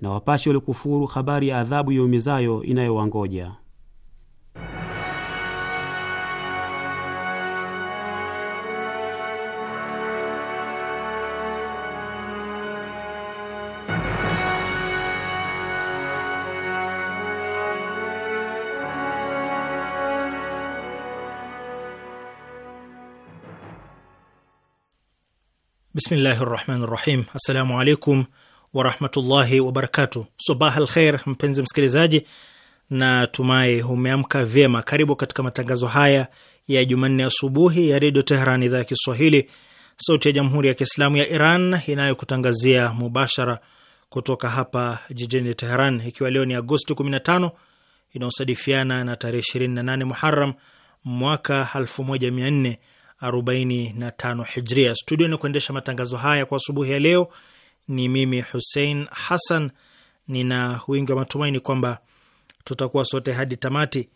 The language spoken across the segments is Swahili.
na wapashe walikufuru habari ya adhabu yaumizayo inayowangoja. Bismillahi rahmani rahim. Assalamu alaikum warahmatullahi wabarakatu. Sabah al mpenzi msikilizaji, na tumai umeamka vyema. Karibu katika matangazo haya ya Jumanne asubuhi ya Redio Tehran, idhaa ya Kiswahili, sauti ya Jamhuri ya Kiislamu ya Iran inayokutangazia mubashara kutoka hapa jijini Teheran, ikiwa leo ni Agosti 15 inaosadifiana na tarehe 28 Muharam mwaka 1445 Hijria. Studio ni kuendesha matangazo haya kwa asubuhi ya leo ni mimi Hussein Hassan, nina wingi wa matumaini kwamba tutakuwa sote hadi tamati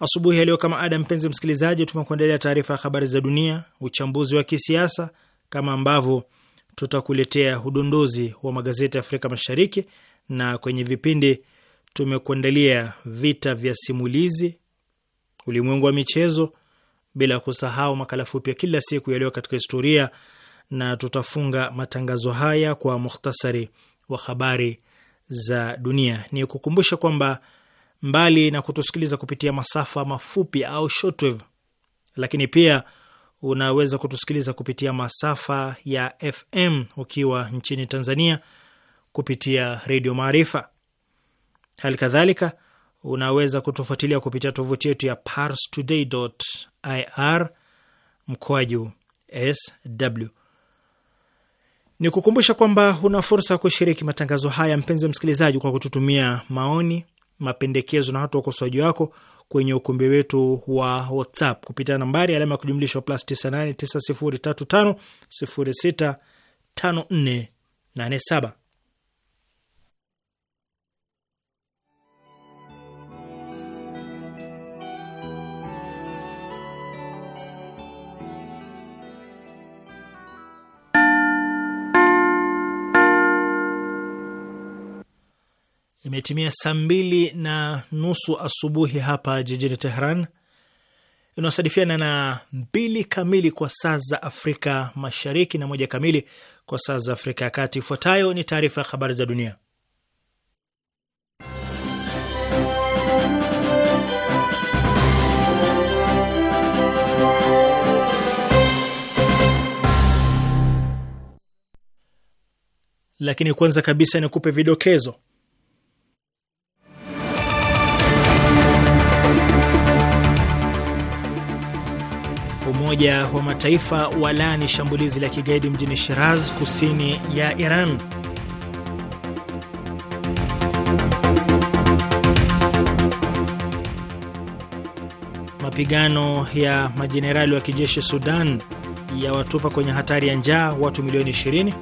asubuhi ya leo. Kama ada, mpenzi msikilizaji, tumekuandalia taarifa ya habari za dunia, uchambuzi wa kisiasa, kama ambavyo tutakuletea udondozi wa magazeti ya Afrika Mashariki, na kwenye vipindi tumekuandalia vita vya simulizi, ulimwengu wa michezo, bila kusahau makala fupi ya kila siku yaliyo katika historia na tutafunga matangazo haya kwa mukhtasari wa habari za dunia. Ni kukumbusha kwamba mbali na kutusikiliza kupitia masafa mafupi au shortwave, lakini pia unaweza kutusikiliza kupitia masafa ya FM ukiwa nchini Tanzania kupitia Redio Maarifa. Hali kadhalika unaweza kutufuatilia kupitia tovuti yetu ya parstoday.ir mkoaju sw ni kukumbusha kwamba una fursa ya kushiriki matangazo haya, mpenzi wa msikilizaji, kwa kututumia maoni, mapendekezo na hata ukosoaji wako kwenye ukumbi wetu wa WhatsApp kupitia nambari alama ya kujumlisha plus 98 903 506 5487. imetimia saa mbili na nusu asubuhi hapa jijini Tehran, inaosadifiana na mbili kamili kwa saa za Afrika Mashariki na moja kamili kwa saa za Afrika ya Kati. Ifuatayo ni taarifa ya habari za dunia, lakini kwanza kabisa ni kupe vidokezo Umoja wa Mataifa walaani shambulizi la kigaidi mjini Shiraz, kusini ya Iran. Mapigano ya majenerali wa kijeshi Sudan yawatupa kwenye hatari ya njaa watu milioni 20.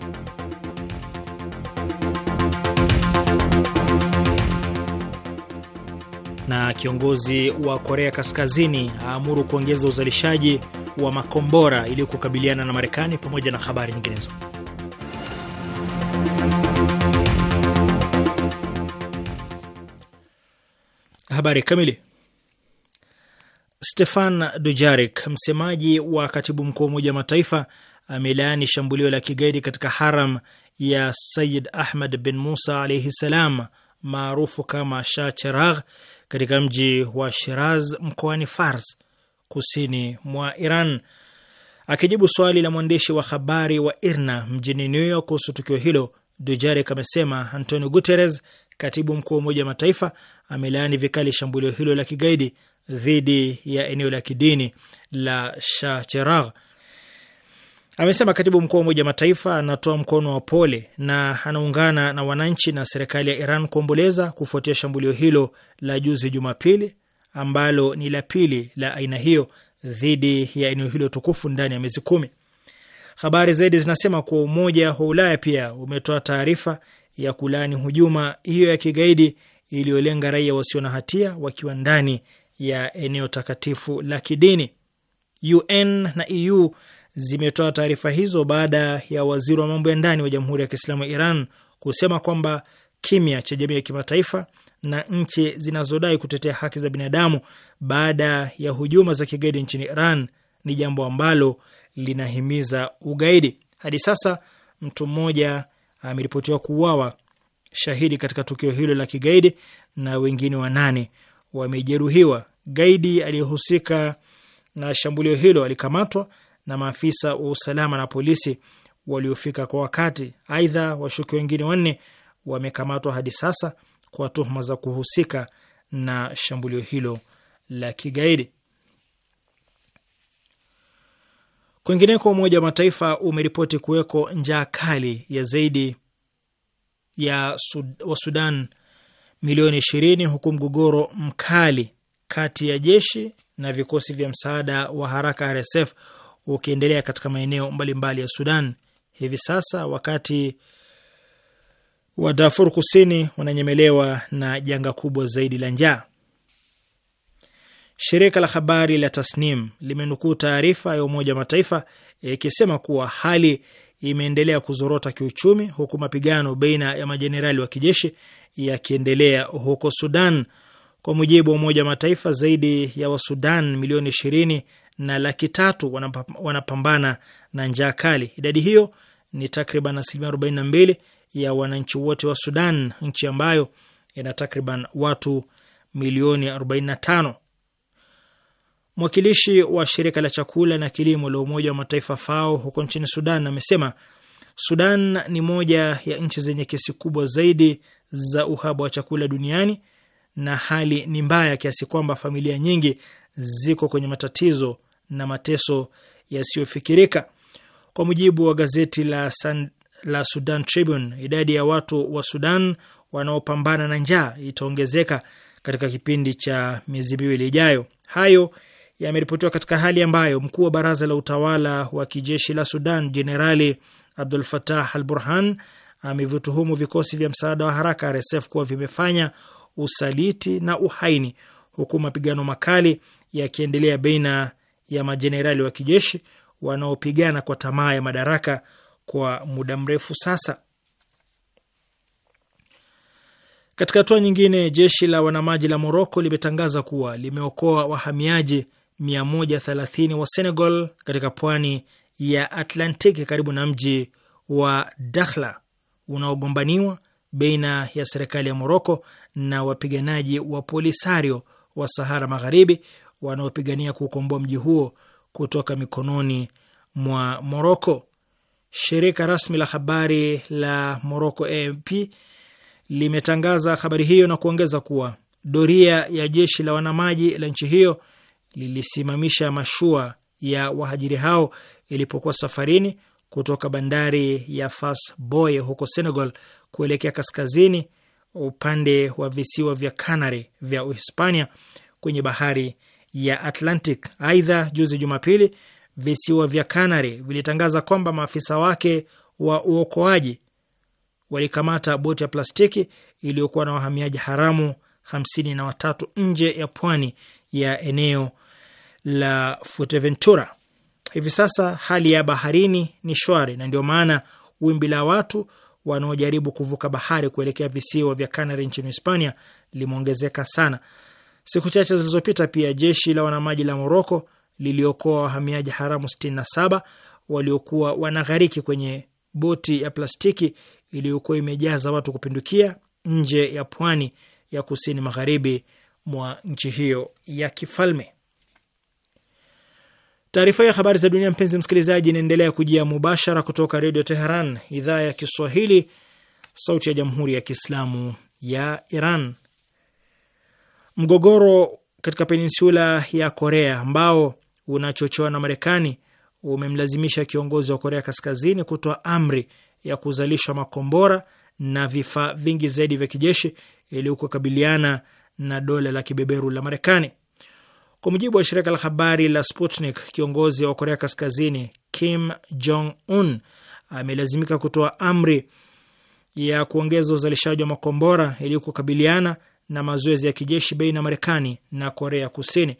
Na kiongozi wa Korea Kaskazini aamuru kuongeza uzalishaji wa makombora ili kukabiliana na Marekani pamoja na habari nyinginezo. Habari kamili. Stefan Dujarik, msemaji wa katibu mkuu wa Umoja wa Mataifa, amelaani shambulio la kigaidi katika haram ya Sayid Ahmad bin Musa alaihi salam maarufu kama Shah Cheragh katika mji wa Shiraz mkoani Fars kusini mwa Iran. Akijibu swali la mwandishi wa habari wa IRNA mjini New York kuhusu tukio hilo, Dujarric amesema Antonio Guterres, katibu mkuu wa Umoja wa Mataifa, amelaani vikali shambulio hilo la kigaidi dhidi ya eneo la kidini la Shah Cheragh. Amesema katibu mkuu wa Umoja wa Mataifa anatoa mkono wa pole na anaungana na wananchi na serikali ya Iran kuomboleza kufuatia shambulio hilo la juzi Jumapili ambalo ni la pili la aina hiyo dhidi ya eneo hilo tukufu ndani ya miezi kumi. Habari zaidi zinasema kuwa Umoja wa Ulaya pia umetoa taarifa ya kulaani hujuma hiyo ya kigaidi iliyolenga raia wasio na hatia wakiwa ndani ya eneo takatifu la kidini. UN na EU zimetoa taarifa hizo baada ya waziri wa mambo ya ndani wa Jamhuri ya Kiislamu ya Iran kusema kwamba kimya cha jamii ya kimataifa na nchi zinazodai kutetea haki za binadamu baada ya hujuma za kigaidi nchini Iran ni jambo ambalo linahimiza ugaidi. Hadi sasa mtu mmoja ameripotiwa kuuawa shahidi katika tukio hilo la kigaidi na wengine wanane wamejeruhiwa. Gaidi aliyehusika na shambulio hilo alikamatwa na maafisa wa usalama na polisi waliofika kwa wakati. Aidha, washukiwa wengine wanne wamekamatwa hadi sasa kwa tuhuma za kuhusika na shambulio hilo la kigaidi. Kwingineko, Umoja wa Mataifa umeripoti kuweko njaa kali ya zaidi ya Sud wa Sudan milioni ishirini huku mgogoro mkali kati ya jeshi na vikosi vya msaada wa haraka RSF ukiendelea katika maeneo mbalimbali ya Sudan hivi sasa, wakati wa Darfur Kusini wananyemelewa na janga kubwa zaidi la njaa. Shirika la habari la Tasnim limenukuu taarifa ya Umoja wa Mataifa ikisema kuwa hali imeendelea kuzorota kiuchumi, huku mapigano baina ya majenerali wa kijeshi yakiendelea huko Sudan. Kwa mujibu wa Umoja wa Mataifa, zaidi ya Wasudan milioni ishirini na laki tatu wanapambana na njaa kali. Idadi hiyo ni takriban asilimia arobaini na mbili ya wananchi wote wa Sudan, nchi ambayo ina takriban watu milioni 45. Mwakilishi wa shirika la chakula na kilimo la Umoja wa Mataifa FAO huko nchini Sudan amesema Sudan ni moja ya nchi zenye kesi kubwa zaidi za uhaba wa chakula duniani na hali ni mbaya kiasi kwamba familia nyingi ziko kwenye matatizo na mateso yasiyofikirika. Kwa mujibu wa gazeti la la Sudan Tribune, idadi ya watu wa Sudan wanaopambana na njaa itaongezeka katika kipindi cha miezi miwili ijayo. Hayo yameripotiwa katika hali ambayo mkuu wa baraza la utawala wa kijeshi la Sudan Jenerali Abdul Fatah Al Burhan amevituhumu vikosi vya msaada wa haraka RSF kuwa vimefanya usaliti na uhaini, huku mapigano makali yakiendelea baina ya majenerali wa kijeshi wanaopigana kwa tamaa ya madaraka kwa muda mrefu sasa. Katika hatua nyingine, jeshi la wanamaji la Moroko limetangaza kuwa limeokoa wahamiaji 130 wa Senegal katika pwani ya Atlantiki karibu na mji wa Dakhla unaogombaniwa baina ya serikali ya Moroko na wapiganaji wa Polisario wa Sahara Magharibi wanaopigania kuukomboa mji huo kutoka mikononi mwa Moroko. Shirika rasmi la habari la Moroko amp limetangaza habari hiyo na kuongeza kuwa doria ya jeshi la wanamaji la nchi hiyo lilisimamisha mashua ya wahajiri hao ilipokuwa safarini kutoka bandari ya Fas Boye huko Senegal kuelekea kaskazini upande wa visiwa vya Canary vya Uhispania kwenye bahari ya Atlantic. Aidha, juzi Jumapili visiwa vya Canary vilitangaza kwamba maafisa wake wa uokoaji walikamata boti ya plastiki iliyokuwa na wahamiaji haramu hamsini na watatu nje ya pwani ya eneo la Fuerteventura. Hivi sasa hali ya baharini ni shwari, na ndio maana wimbi la watu wanaojaribu kuvuka bahari kuelekea visiwa vya Canary nchini Hispania limeongezeka sana. Siku chache zilizopita, pia jeshi la wanamaji la Moroko liliokoa wahamiaji haramu 67 waliokuwa wanaghariki kwenye boti ya plastiki iliyokuwa imejaza watu kupindukia nje ya pwani ya kusini magharibi mwa nchi hiyo ya kifalme. Taarifa ya habari za dunia, mpenzi msikilizaji, inaendelea kujia mubashara kutoka Redio Teheran, idhaa ya Kiswahili, sauti ya jamhuri ya kiislamu ya Iran. Mgogoro katika peninsula ya Korea ambao unachochewa na Marekani umemlazimisha kiongozi wa Korea Kaskazini kutoa amri ya kuzalishwa makombora na vifaa vingi zaidi vya kijeshi ili kukabiliana na dola la kibeberu la Marekani. Kwa mujibu wa shirika la habari la Sputnik, kiongozi wa Korea Kaskazini Kim Jong Un amelazimika kutoa amri ya kuongeza uzalishaji wa makombora ili kukabiliana na mazoezi ya kijeshi baina ya Marekani na Korea Kusini.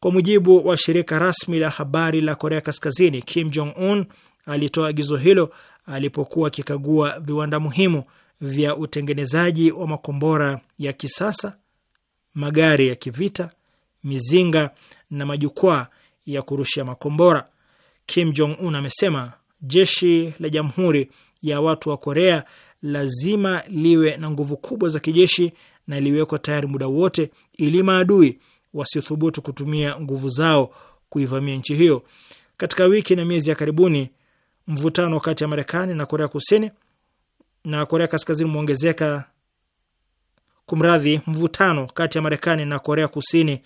Kwa mujibu wa shirika rasmi la habari la Korea Kaskazini, Kim Jong Un alitoa agizo hilo alipokuwa akikagua viwanda muhimu vya utengenezaji wa makombora ya kisasa, magari ya kivita, mizinga na majukwaa ya kurushia makombora. Kim Jong Un amesema jeshi la Jamhuri ya Watu wa Korea lazima liwe na nguvu kubwa za kijeshi na liwekwa tayari muda wote ili maadui wasithubutu kutumia nguvu zao kuivamia nchi hiyo. Katika wiki na miezi ya karibuni, mvutano kati ya Marekani na Korea Kusini na Korea Kaskazini umeongezeka. Kumradhi, mvutano kati ya Marekani na Korea Kusini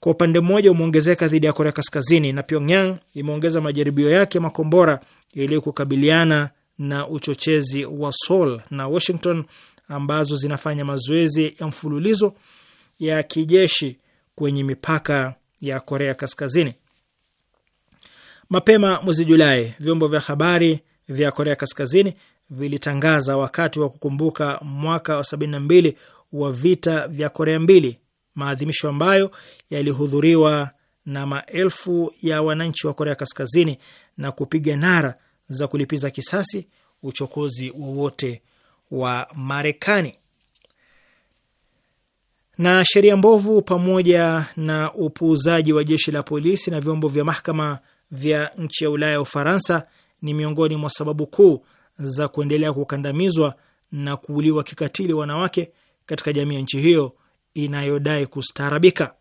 kwa upande mmoja umeongezeka dhidi ya Korea Kaskazini, na Pyongyang imeongeza majaribio yake makombora ili kukabiliana na uchochezi wa Seoul na Washington ambazo zinafanya mazoezi ya mfululizo ya kijeshi kwenye mipaka ya Korea Kaskazini. Mapema mwezi Julai, vyombo vya habari vya Korea Kaskazini vilitangaza wakati wa kukumbuka mwaka wa sabini na mbili wa vita vya Korea mbili, maadhimisho ambayo yalihudhuriwa na maelfu ya wananchi wa Korea Kaskazini na kupiga nara za kulipiza kisasi uchokozi wowote wa Marekani na sheria mbovu pamoja na upuuzaji wa jeshi la polisi na vyombo vya mahakama vya nchi ya Ulaya ya Ufaransa ni miongoni mwa sababu kuu za kuendelea kukandamizwa na kuuliwa kikatili wanawake katika jamii ya nchi hiyo inayodai kustaarabika.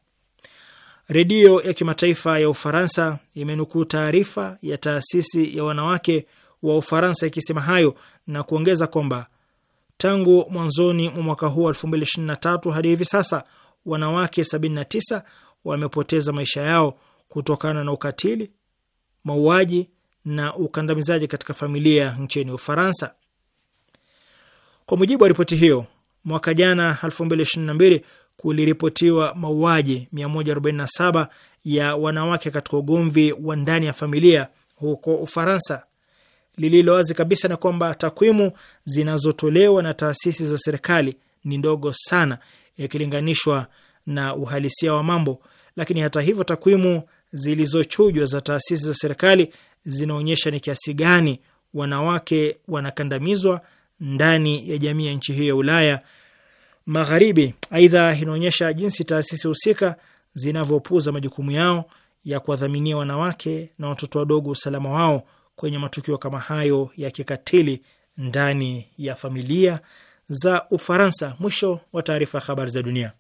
Redio ya kimataifa ya Ufaransa imenukuu taarifa ya taasisi ya wanawake wa Ufaransa ikisema hayo na kuongeza kwamba Tangu mwanzoni mwa mwaka huu 2023 hadi hivi sasa wanawake 79 wamepoteza maisha yao kutokana na ukatili, mauaji na ukandamizaji katika familia nchini Ufaransa. Kwa mujibu wa ripoti hiyo, mwaka jana 2022 kuliripotiwa mauaji 147 ya wanawake katika ugomvi wa ndani ya familia huko Ufaransa lililo wazi kabisa na kwamba takwimu zinazotolewa na taasisi za serikali ni ndogo sana ikilinganishwa na uhalisia wa mambo. Lakini hata hivyo, takwimu zilizochujwa za taasisi za serikali zinaonyesha ni kiasi gani wanawake wanakandamizwa ndani ya jamii ya nchi hiyo ya Ulaya Magharibi. Aidha, inaonyesha jinsi taasisi husika zinavyopuuza majukumu yao ya kuwadhaminia wanawake na watoto wadogo usalama wao kwenye matukio kama hayo ya kikatili ndani ya familia za Ufaransa. Mwisho wa taarifa ya habari za dunia.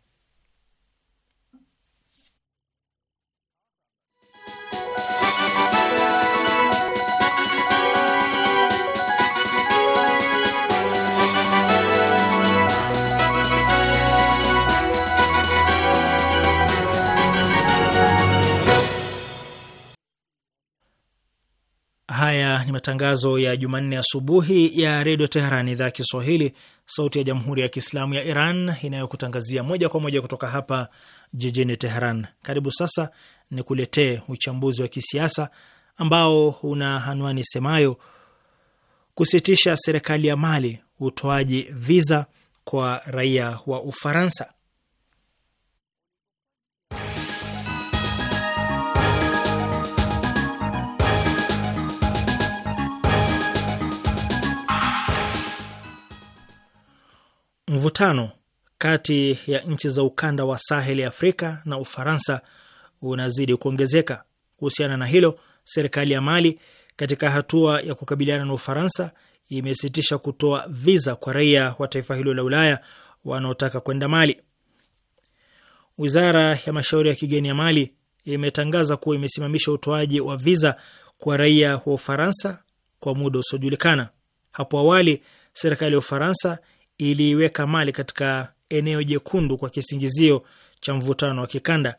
matangazo ya Jumanne asubuhi ya redio Teheran, idhaa ya Kiswahili, sauti ya jamhuri ya kiislamu ya Iran inayokutangazia moja kwa moja kutoka hapa jijini Teheran. Karibu sasa ni kuletee uchambuzi wa kisiasa ambao una anwani semayo kusitisha serikali ya Mali utoaji viza kwa raia wa Ufaransa. Mvutano kati ya nchi za ukanda wa saheli Afrika na Ufaransa unazidi kuongezeka. Kuhusiana na hilo, serikali ya Mali katika hatua ya kukabiliana na Ufaransa imesitisha kutoa viza kwa raia wa taifa hilo la Ulaya wanaotaka kwenda Mali. Wizara ya mashauri ya kigeni ya Mali imetangaza kuwa imesimamisha utoaji wa viza kwa raia wa Ufaransa kwa muda usiojulikana. Hapo awali serikali ya Ufaransa iliiweka Mali katika eneo jekundu kwa kisingizio cha mvutano wa kikanda.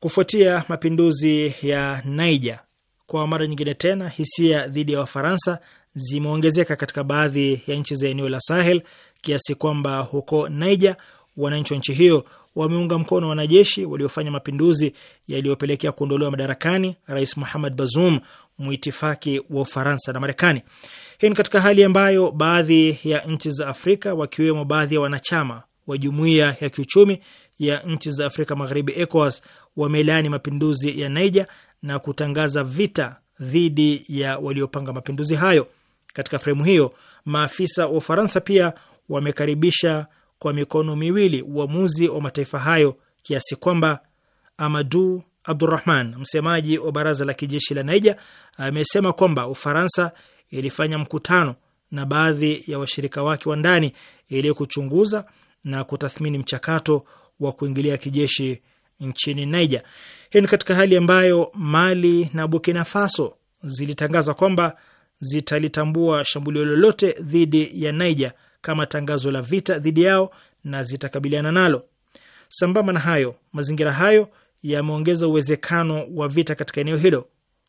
Kufuatia mapinduzi ya Niger, kwa mara nyingine tena hisia dhidi ya Wafaransa zimeongezeka katika baadhi ya nchi za eneo la Sahel kiasi kwamba huko Niger wananchi wa nchi hiyo wameunga mkono wanajeshi waliofanya mapinduzi yaliyopelekea kuondolewa madarakani Rais Muhammad Bazoum, mwitifaki wa Ufaransa na Marekani. Hii ni katika hali ambayo baadhi ya nchi za Afrika wakiwemo baadhi ya wanachama wa jumuiya ya kiuchumi ya nchi za Afrika Magharibi, ECOWAS, wamelaani mapinduzi ya Niger na kutangaza vita dhidi ya waliopanga mapinduzi hayo. Katika fremu hiyo, maafisa wa Ufaransa pia wamekaribisha kwa mikono miwili uamuzi wa mataifa hayo kiasi kwamba Amadu Abdurahman, msemaji wa baraza la kijeshi la Niger, amesema kwamba Ufaransa ilifanya mkutano na baadhi ya washirika wake wa ndani ili kuchunguza na kutathmini mchakato wa kuingilia kijeshi nchini Niger. Hii ni katika hali ambayo Mali na Burkina Faso zilitangaza kwamba zitalitambua shambulio lolote dhidi ya Niger kama tangazo la vita dhidi yao na zitakabiliana nalo. Sambamba na hayo, mazingira hayo yameongeza uwezekano wa vita katika eneo hilo.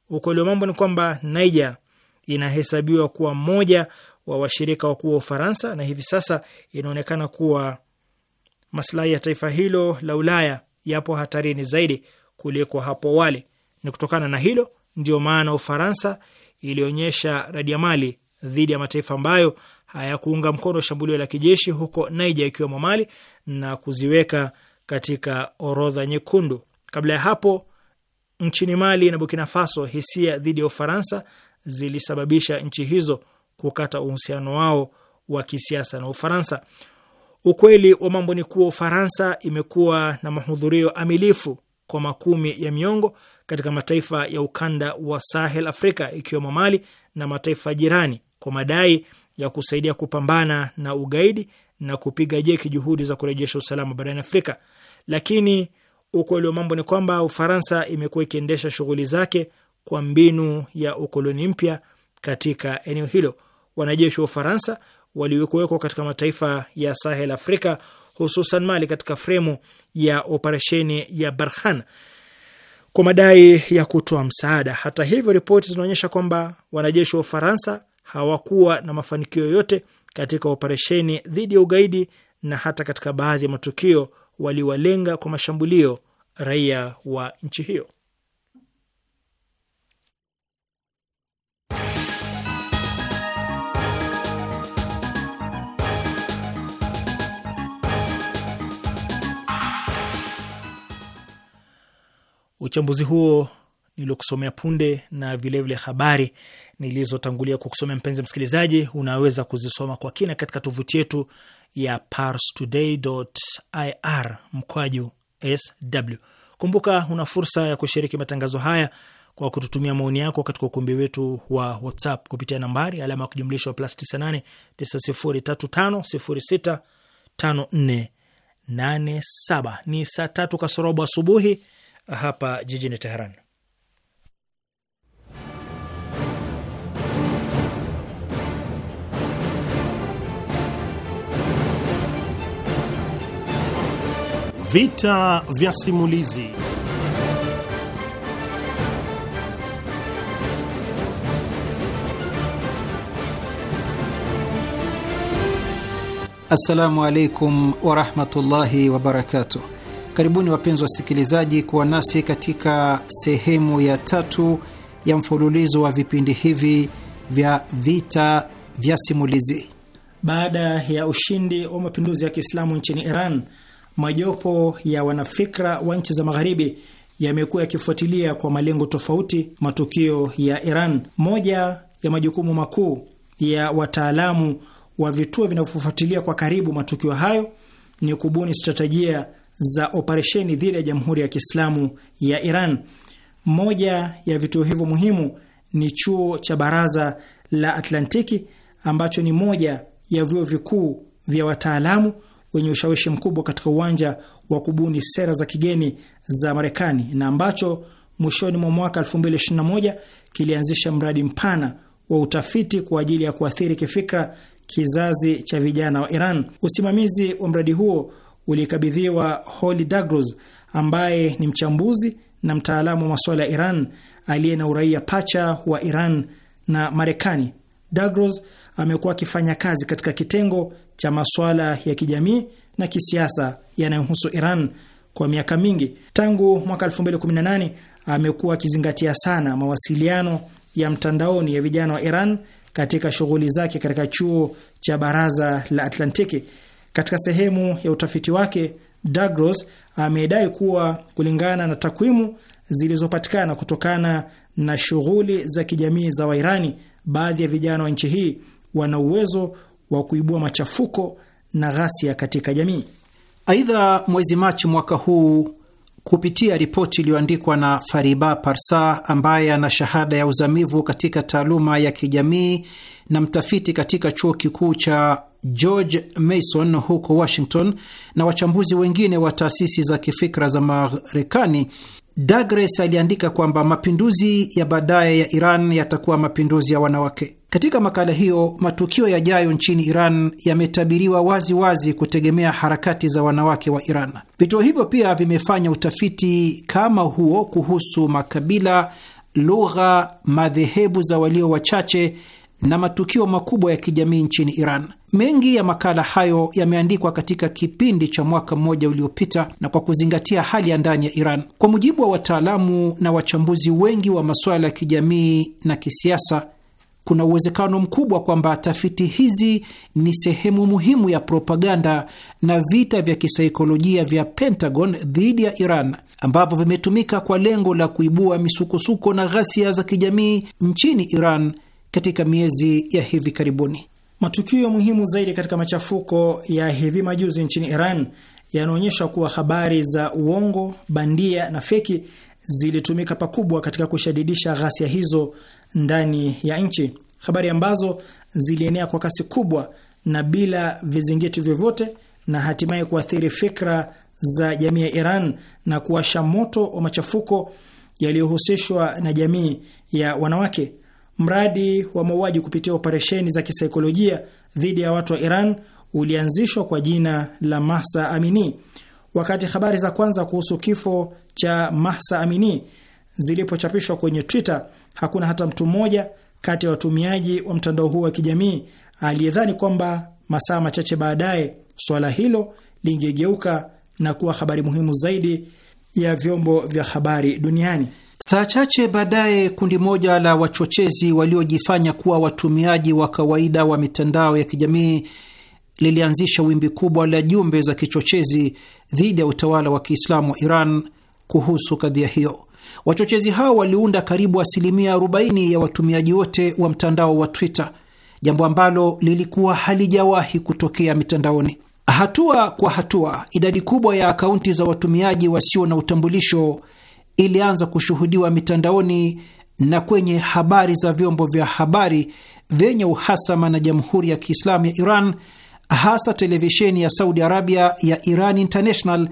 Ukweli wa mambo ni kwamba Niger inahesabiwa kuwa mmoja wa washirika wakuu wa Ufaransa na hivi sasa inaonekana kuwa maslahi ya taifa hilo la Ulaya yapo hatarini zaidi kuliko hapo awali. Ni kutokana na hilo ndio maana Ufaransa ilionyesha radiamali dhidi ya mataifa ambayo hayakuunga mkono shambulio la kijeshi huko Naija, ikiwemo Mali na kuziweka katika orodha nyekundu. Kabla ya hapo, nchini Mali na Burkina Faso, hisia dhidi ya Ufaransa zilisababisha nchi hizo kukata uhusiano wao wa kisiasa na Ufaransa. Ukweli wa mambo ni kuwa Ufaransa imekuwa na mahudhurio amilifu kwa makumi ya miongo katika mataifa ya ukanda wa Sahel Afrika, ikiwemo Mali na mataifa jirani kwa madai ya kusaidia kupambana na ugaidi na kupiga jeki juhudi za kurejesha usalama barani Afrika. Lakini ukweli wa mambo ni kwamba Ufaransa imekuwa ikiendesha shughuli zake kwa mbinu ya ukoloni mpya katika eneo hilo. Wanajeshi wa Ufaransa waliowekwa katika mataifa ya Sahel Afrika, hususan Mali, katika fremu ya operesheni ya Barhan kwa madai ya kutoa msaada. Hata hivyo, ripoti zinaonyesha kwamba wanajeshi wa Ufaransa hawakuwa na mafanikio yoyote katika operesheni dhidi ya ugaidi na hata katika baadhi ya matukio waliwalenga kwa mashambulio raia wa nchi hiyo. Uchambuzi huo niliokusomea punde na vilevile vile habari nilizotangulia kukusomea, mpenzi msikilizaji, unaweza kuzisoma kwa kina katika tovuti yetu ya parstoday.ir mkwaju sw. Kumbuka una fursa ya kushiriki matangazo haya kwa kututumia maoni yako katika ukumbi wetu wa WhatsApp kupitia nambari alama ya kujumlisha wa plus 989035065487. Ni saa tatu kasorobo asubuhi hapa jijini Teheran. Vita vya simulizi. Assalamu alaikum warahmatullahi wabarakatuh. Karibuni wapenzi wasikilizaji, kuwa nasi katika sehemu ya tatu ya mfululizo wa vipindi hivi vya vita vya simulizi. Baada ya ushindi wa mapinduzi ya Kiislamu nchini Iran, majopo ya wanafikra wa nchi za Magharibi yamekuwa yakifuatilia kwa malengo tofauti matukio ya Iran. Moja ya majukumu makuu ya wataalamu wa vituo vinavyofuatilia kwa karibu matukio hayo ni kubuni stratejia za operesheni dhidi ya Jamhuri ya Kiislamu ya Iran. Moja ya vituo hivyo muhimu ni chuo cha Baraza la Atlantiki ambacho ni moja ya vyuo vikuu vya wataalamu wenye ushawishi mkubwa katika uwanja wa kubuni sera za kigeni za Marekani na ambacho mwishoni mwa mwaka 2021 kilianzisha mradi mpana wa utafiti kwa ajili ya kuathiri kifikra kizazi cha vijana wa Iran. Usimamizi wa mradi huo ulikabidhiwa Holly Dagros ambaye ni mchambuzi na mtaalamu wa masuala ya Iran aliye na uraia pacha wa Iran na Marekani. Dagros amekuwa akifanya kazi katika kitengo cha masuala ya kijamii na kisiasa yanayohusu Iran kwa miaka mingi. Tangu mwaka 2018 amekuwa akizingatia sana mawasiliano ya mtandaoni ya vijana wa Iran katika shughuli zake katika chuo cha Baraza la Atlantiki. Katika sehemu ya utafiti wake, Dagros amedai kuwa kulingana na takwimu zilizopatikana kutokana na shughuli za kijamii za Wairani, baadhi ya vijana wa nchi hii wana uwezo wa kuibua machafuko na ghasia katika jamii. Aidha, mwezi Machi mwaka huu kupitia ripoti iliyoandikwa na Fariba Parsa ambaye ana shahada ya uzamivu katika taaluma ya kijamii na mtafiti katika chuo kikuu cha George Mason huko Washington na wachambuzi wengine wa taasisi za kifikra za Marekani, Dagres aliandika kwamba mapinduzi ya baadaye ya Iran yatakuwa mapinduzi ya wanawake. Katika makala hiyo, matukio yajayo nchini Iran yametabiriwa wazi wazi kutegemea harakati za wanawake wa Iran. Vituo hivyo pia vimefanya utafiti kama huo kuhusu makabila, lugha, madhehebu za walio wachache na matukio makubwa ya kijamii nchini Iran. Mengi ya makala hayo yameandikwa katika kipindi cha mwaka mmoja uliopita na kwa kuzingatia hali ya ndani ya Iran. Kwa mujibu wa wataalamu na wachambuzi wengi wa masuala ya kijamii na kisiasa, kuna uwezekano mkubwa kwamba tafiti hizi ni sehemu muhimu ya propaganda na vita vya kisaikolojia vya Pentagon dhidi ya Iran ambavyo vimetumika kwa lengo la kuibua misukosuko na ghasia za kijamii nchini Iran katika miezi ya hivi karibuni. Matukio muhimu zaidi katika machafuko ya hivi majuzi nchini Iran yanaonyesha kuwa habari za uongo, bandia na feki zilitumika pakubwa katika kushadidisha ghasia hizo ndani ya nchi, habari ambazo zilienea kwa kasi kubwa na bila vizingiti vyovyote na hatimaye kuathiri fikra za jamii ya Iran na kuwasha moto wa machafuko yaliyohusishwa na jamii ya wanawake. Mradi wa mauaji kupitia operesheni za kisaikolojia dhidi ya watu wa Iran ulianzishwa kwa jina la Mahsa Amini. Wakati habari za kwanza kuhusu kifo cha Mahsa Amini zilipochapishwa kwenye Twitter, hakuna hata mtu mmoja kati ya watumiaji wa mtandao huu wa kijamii aliyedhani kwamba masaa machache baadaye swala hilo lingegeuka na kuwa habari muhimu zaidi ya vyombo vya habari duniani. Saa chache baadaye kundi moja la wachochezi waliojifanya kuwa watumiaji wa kawaida wa mitandao ya kijamii lilianzisha wimbi kubwa la jumbe za kichochezi dhidi ya utawala wa Kiislamu wa Iran kuhusu kadhia hiyo. Wachochezi hao waliunda karibu asilimia 40 ya watumiaji wote wa mtandao wa Twitter, jambo ambalo lilikuwa halijawahi kutokea mitandaoni. Hatua kwa hatua, idadi kubwa ya akaunti za watumiaji wasio na utambulisho ilianza kushuhudiwa mitandaoni na kwenye habari za vyombo vya habari vyenye uhasama na Jamhuri ya Kiislamu ya Iran, hasa televisheni ya Saudi Arabia ya Iran International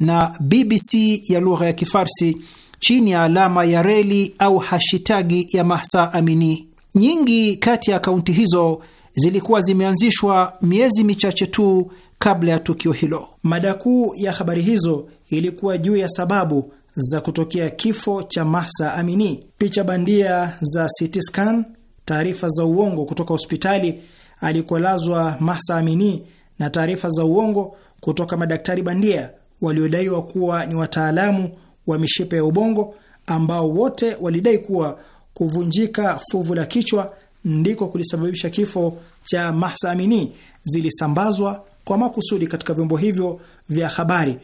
na BBC ya lugha ya Kifarsi chini ya alama ya reli au hashitagi ya Mahsa Amini. Nyingi kati ya akaunti hizo zilikuwa zimeanzishwa miezi michache tu kabla ya tukio hilo. Mada kuu ya habari hizo ilikuwa juu ya sababu za kutokea kifo cha Mahsa Amini, picha bandia za CT scan, taarifa za uongo kutoka hospitali alikolazwa Mahsa Amini na taarifa za uongo kutoka madaktari bandia waliodaiwa kuwa ni wataalamu wa mishipa ya ubongo ambao wote walidai kuwa kuvunjika fuvu la kichwa ndiko kulisababisha kifo cha Mahsa Amini zilisambazwa kwa makusudi katika vyombo hivyo vya habari.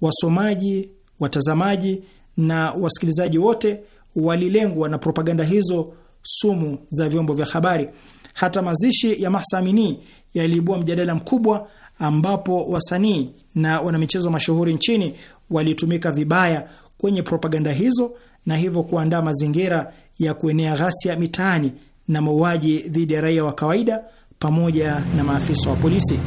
Wasomaji watazamaji na wasikilizaji wote walilengwa na propaganda hizo sumu za vyombo vya habari. Hata mazishi ya Mahsa Amini yaliibua mjadala mkubwa, ambapo wasanii na wanamichezo mashuhuri nchini walitumika vibaya kwenye propaganda hizo na hivyo kuandaa mazingira ya kuenea ghasia mitaani na mauaji dhidi ya raia wa kawaida pamoja na maafisa wa polisi.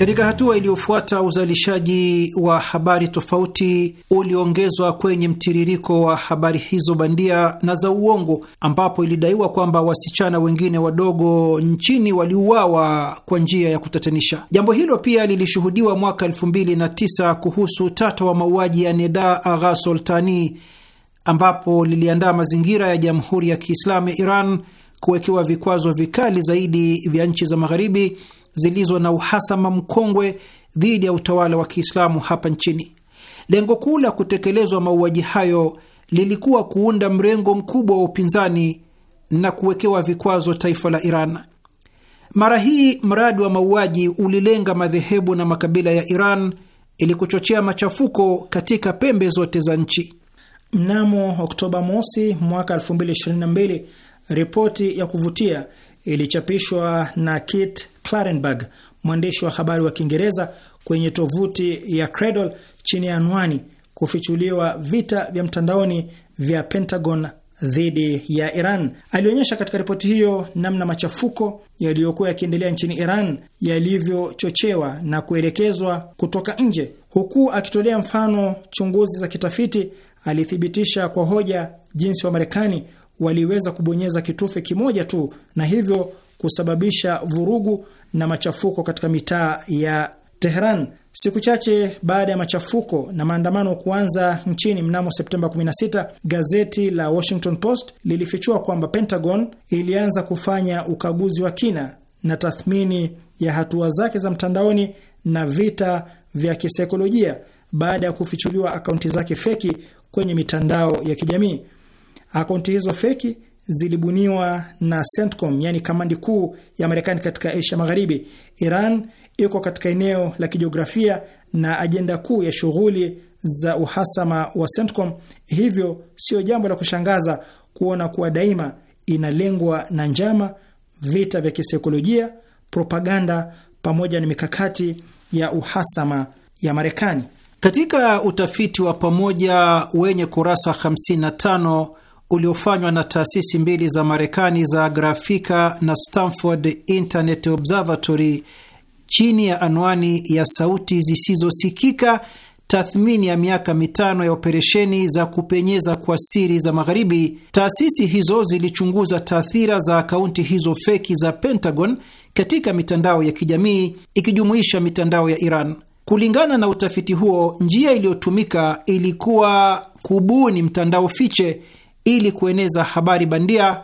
Katika hatua iliyofuata, uzalishaji wa habari tofauti uliongezwa kwenye mtiririko wa habari hizo bandia na za uongo, ambapo ilidaiwa kwamba wasichana wengine wadogo nchini waliuawa kwa njia ya kutatanisha. Jambo hilo pia lilishuhudiwa mwaka tisa kuhusu utata wa mauaji ya Neda Agha Soltani, ambapo liliandaa mazingira ya Jamhuri ya Kiislamu ya Iran kuwekewa vikwazo vikali zaidi vya nchi za Magharibi zilizo na uhasama mkongwe dhidi ya utawala wa Kiislamu hapa nchini. Lengo kuu la kutekelezwa mauaji hayo lilikuwa kuunda mrengo mkubwa wa upinzani na kuwekewa vikwazo taifa la Iran. Mara hii mradi wa mauaji ulilenga madhehebu na makabila ya Iran ili kuchochea machafuko katika pembe zote za nchi. Mnamo Oktoba mosi mwaka 2022, ripoti ya kuvutia ilichapishwa na Kit Clarenberg, mwandishi wa habari wa Kiingereza, kwenye tovuti ya Cradle chini ya anwani kufichuliwa vita vya mtandaoni vya Pentagon dhidi ya Iran. Alionyesha katika ripoti hiyo namna machafuko yaliyokuwa yakiendelea nchini Iran yalivyochochewa na kuelekezwa kutoka nje. Huku akitolea mfano chunguzi za kitafiti, alithibitisha kwa hoja jinsi wa Marekani waliweza kubonyeza kitufe kimoja tu na hivyo kusababisha vurugu na machafuko katika mitaa ya Tehran. Siku chache baada ya machafuko na maandamano kuanza nchini mnamo Septemba 16, gazeti la Washington Post lilifichua kwamba Pentagon ilianza kufanya ukaguzi wa kina na tathmini ya hatua zake za mtandaoni na vita vya kisaikolojia baada ya kufichuliwa akaunti zake feki kwenye mitandao ya kijamii. Akaunti hizo feki zilibuniwa na CENTCOM, yani kamandi kuu ya Marekani katika Asia Magharibi. Iran iko katika eneo la kijiografia na ajenda kuu ya shughuli za uhasama wa CENTCOM, hivyo sio jambo la kushangaza kuona kuwa daima inalengwa na njama, vita vya kisaikolojia, propaganda pamoja na mikakati ya uhasama ya Marekani. Katika utafiti wa pamoja wenye kurasa 55 uliofanywa na taasisi mbili za Marekani za Grafika na Stanford Internet Observatory chini ya anwani ya sauti zisizosikika, tathmini ya miaka mitano ya operesheni za kupenyeza kwa siri za Magharibi. Taasisi hizo zilichunguza taathira za akaunti hizo feki za Pentagon katika mitandao ya kijamii ikijumuisha mitandao ya Iran. Kulingana na utafiti huo, njia iliyotumika ilikuwa kubuni mtandao fiche ili kueneza habari bandia,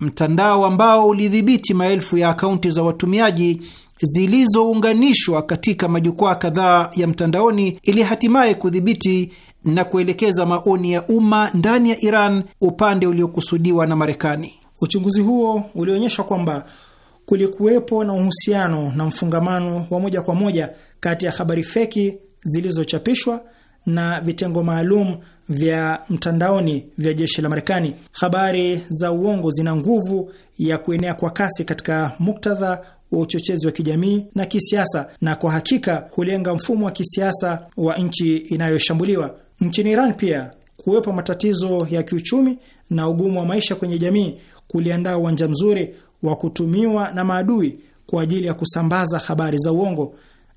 mtandao ambao ulidhibiti maelfu ya akaunti za watumiaji zilizounganishwa katika majukwaa kadhaa ya mtandaoni ili hatimaye kudhibiti na kuelekeza maoni ya umma ndani ya Iran upande uliokusudiwa na Marekani. Uchunguzi huo ulionyesha kwamba kulikuwepo na uhusiano na mfungamano wa moja kwa moja kati ya habari feki zilizochapishwa na vitengo maalum vya mtandaoni vya jeshi la Marekani. Habari za uongo zina nguvu ya kuenea kwa kasi katika muktadha wa uchochezi wa kijamii na kisiasa, na kwa hakika hulenga mfumo wa kisiasa wa nchi inayoshambuliwa. Nchini Iran pia kuwepo matatizo ya kiuchumi na ugumu wa maisha kwenye jamii kuliandaa uwanja mzuri wa kutumiwa na maadui kwa ajili ya kusambaza habari za uongo.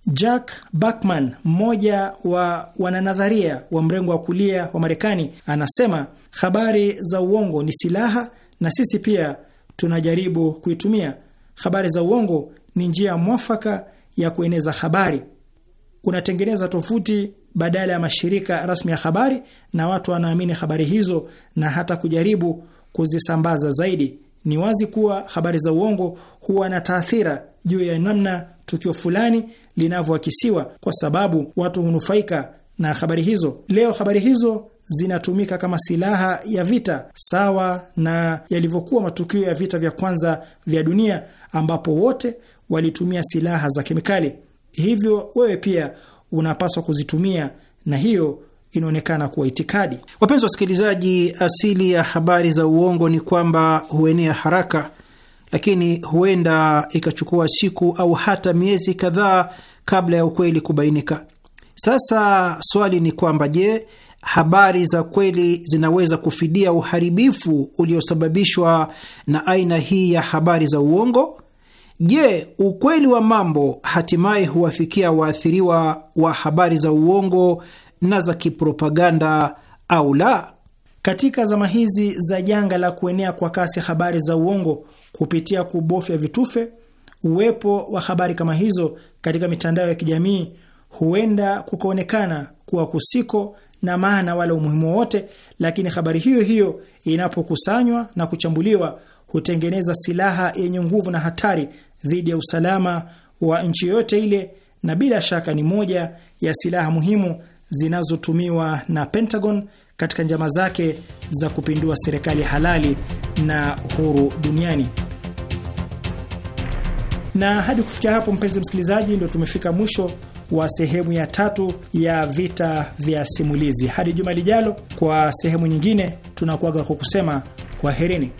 Jack Backman, mmoja wa wananadharia wa mrengo wa kulia wa Marekani, anasema habari za uongo ni silaha na sisi pia tunajaribu kuitumia. Habari za uongo ni njia mwafaka ya kueneza habari. Unatengeneza tovuti badala ya mashirika rasmi ya habari, na watu wanaamini habari hizo na hata kujaribu kuzisambaza zaidi. Ni wazi kuwa habari za uongo huwa na taathira juu ya namna tukio fulani linavyoakisiwa, kwa sababu watu hunufaika na habari hizo. Leo habari hizo zinatumika kama silaha ya vita, sawa na yalivyokuwa matukio ya vita vya kwanza vya dunia, ambapo wote walitumia silaha za kemikali. Hivyo wewe pia unapaswa kuzitumia, na hiyo inaonekana kuwa itikadi. Wapenzi wasikilizaji, asili ya habari za uongo ni kwamba huenea haraka lakini huenda ikachukua siku au hata miezi kadhaa kabla ya ukweli kubainika. Sasa swali ni kwamba je, habari za kweli zinaweza kufidia uharibifu uliosababishwa na aina hii ya habari za uongo? Je, ukweli wa mambo hatimaye huwafikia waathiriwa wa habari za uongo na za kipropaganda au la? Katika zama hizi za janga la kuenea kwa kasi habari za uongo kupitia kubofya vitufe, uwepo wa habari kama hizo katika mitandao ya kijamii huenda kukaonekana kuwa kusiko na maana wala umuhimu wowote, lakini habari hiyo hiyo inapokusanywa na kuchambuliwa hutengeneza silaha yenye nguvu na hatari dhidi ya usalama wa nchi yoyote ile, na bila shaka ni moja ya silaha muhimu zinazotumiwa na Pentagon katika njama zake za kupindua serikali halali na huru duniani. Na hadi kufikia hapo, mpenzi msikilizaji, ndio tumefika mwisho wa sehemu ya tatu ya vita vya simulizi. Hadi juma lijalo kwa sehemu nyingine, tunakuaga kwa kusema kwaherini.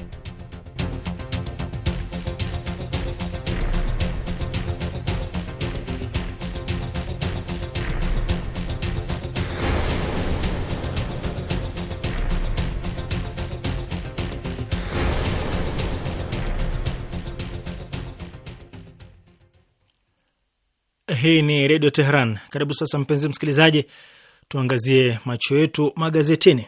Hii ni Redio Tehran. Karibu sasa, mpenzi msikilizaji, tuangazie macho yetu magazetini.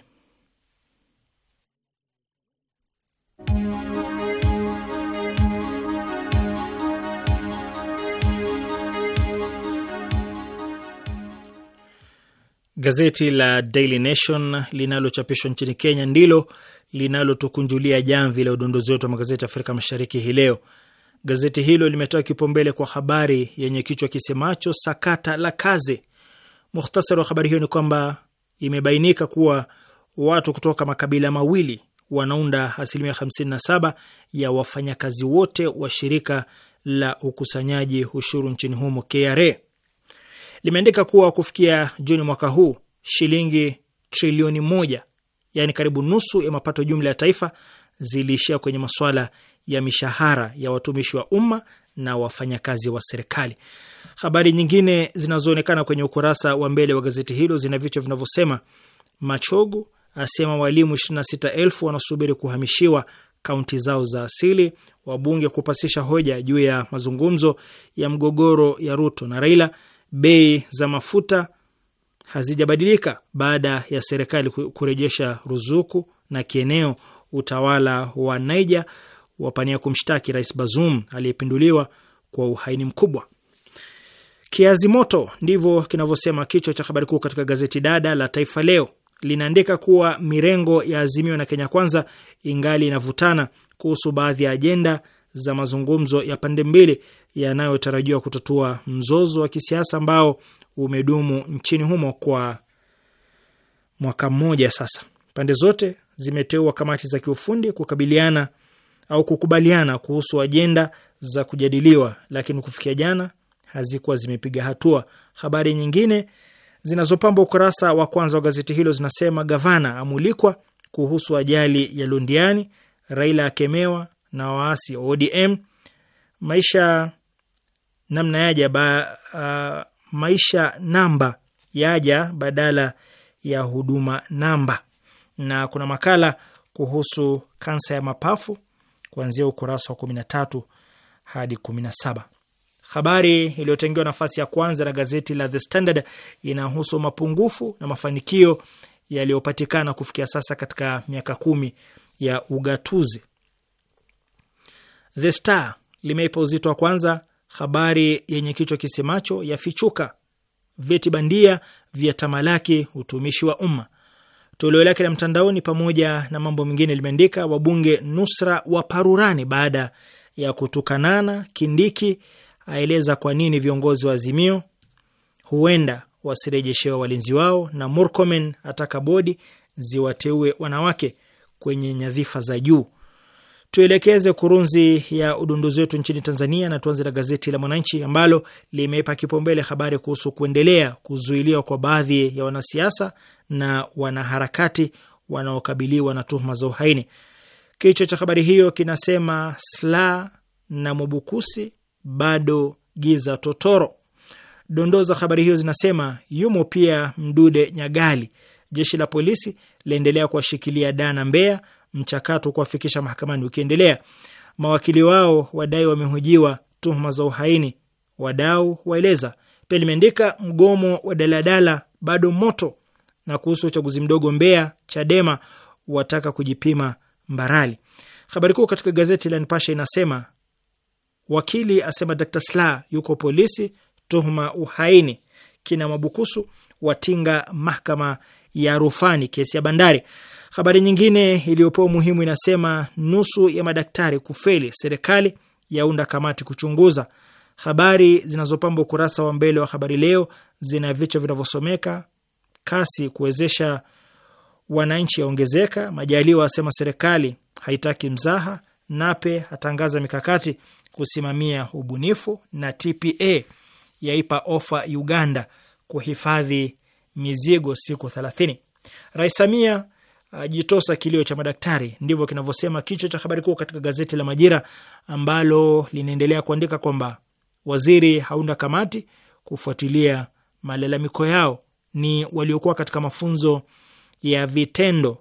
Gazeti la Daily Nation linalochapishwa nchini Kenya ndilo linalotukunjulia jamvi la udondozi wetu wa magazeti ya Afrika Mashariki hii leo. Gazeti hilo limetoa kipaumbele kwa habari yenye kichwa kisemacho sakata la kazi. Mukhtasari wa habari hiyo ni kwamba imebainika kuwa watu kutoka makabila mawili wanaunda asilimia 57 ya wafanyakazi wote wa shirika la ukusanyaji ushuru nchini humo KRA. Limeandika kuwa kufikia Juni mwaka huu shilingi trilioni moja, yaani karibu nusu ya mapato jumla ya taifa ziliishia kwenye masuala ya mishahara ya watumishi wa umma na wafanyakazi wa serikali. Habari nyingine zinazoonekana kwenye ukurasa wa mbele wa gazeti hilo zina vichwa vinavyosema Machogu asema walimu 26,000 wanasubiri kuhamishiwa kaunti zao za asili, wabunge kupasisha hoja juu ya mazungumzo ya mgogoro ya Ruto na Raila, bei za mafuta hazijabadilika baada ya serikali kurejesha ruzuku, na kieneo utawala wa Niger wapania kumshtaki Rais Bazoum aliyepinduliwa kwa uhaini mkubwa. Kiazi moto, ndivyo kinavyosema kichwa cha habari kuu katika gazeti dada la Taifa Leo. Linaandika kuwa mirengo ya Azimio na Kenya Kwanza ingali inavutana kuhusu baadhi ya ajenda za mazungumzo ya pande mbili yanayotarajiwa kutatua mzozo wa kisiasa ambao umedumu nchini humo kwa mwaka mmoja sasa. Pande zote zimeteua kamati za kiufundi kukabiliana au kukubaliana kuhusu ajenda za kujadiliwa, lakini kufikia jana hazikuwa zimepiga hatua. Habari nyingine zinazopamba ukurasa wa kwanza wa gazeti hilo zinasema gavana amulikwa kuhusu ajali ya Lundiani, Raila akemewa na waasi ODM, maisha namna yaja ba, uh, maisha namba yaja badala ya huduma namba, na kuna makala kuhusu kansa ya mapafu kuanzia ukurasa wa 13 hadi 17. Habari iliyotengewa nafasi ya kwanza na gazeti la The Standard inahusu mapungufu na mafanikio yaliyopatikana kufikia sasa katika miaka kumi ya ugatuzi. The Star limeipa uzito wa kwanza habari yenye kichwa kisemacho yafichuka, vyeti bandia vya tamalaki utumishi wa umma. Toleo lake la mtandaoni pamoja na mambo mengine limeandika wabunge nusra waparurani baada ya kutukanana. Kindiki aeleza kwa nini viongozi wa Azimio huenda wasirejeshewa walinzi wao, na Murkomen ataka bodi ziwateue wanawake kwenye nyadhifa za juu. Tuelekeze kurunzi ya udunduzi wetu nchini Tanzania na tuanze na gazeti la Mwananchi ambalo limeipa kipaumbele habari kuhusu kuendelea kuzuiliwa kwa baadhi ya wanasiasa na wanaharakati wanaokabiliwa na tuhuma za uhaini. Kichwa cha habari hiyo kinasema sla na Mwabukusi bado giza totoro. Dondoo za habari hiyo zinasema yumo pia Mdude Nyagali, jeshi la polisi laendelea kuwashikilia dana Mbeya mchakato kuwafikisha mahakamani ukiendelea. Mawakili wao wadai wamehojiwa tuhuma za uhaini, wadau waeleza. Pia limeandika mgomo wa daladala bado moto, na kuhusu uchaguzi mdogo Mbeya, Chadema wataka kujipima Mbarali. Habari kuu katika gazeti la Nipashe inasema wakili asema Dr. Sla yuko polisi, tuhuma uhaini. Kina Mwabukusu watinga mahakama ya rufani kesi ya bandari. Habari nyingine iliyopewa umuhimu inasema nusu ya madaktari kufeli, serikali yaunda kamati kuchunguza. Habari zinazopamba ukurasa wa mbele wa Habari Leo zina vichwa vinavyosomeka kasi kuwezesha wananchi yaongezeka, Majaliwa asema serikali haitaki mzaha, Nape atangaza mikakati kusimamia ubunifu, na TPA yaipa ofa Uganda kuhifadhi mizigo siku thelathini. Rais Samia jitosa kilio cha madaktari, ndivyo kinavyosema kichwa cha habari kuu katika gazeti la Majira ambalo linaendelea kuandika kwamba waziri haunda kamati kufuatilia malalamiko yao ni waliokuwa katika mafunzo ya vitendo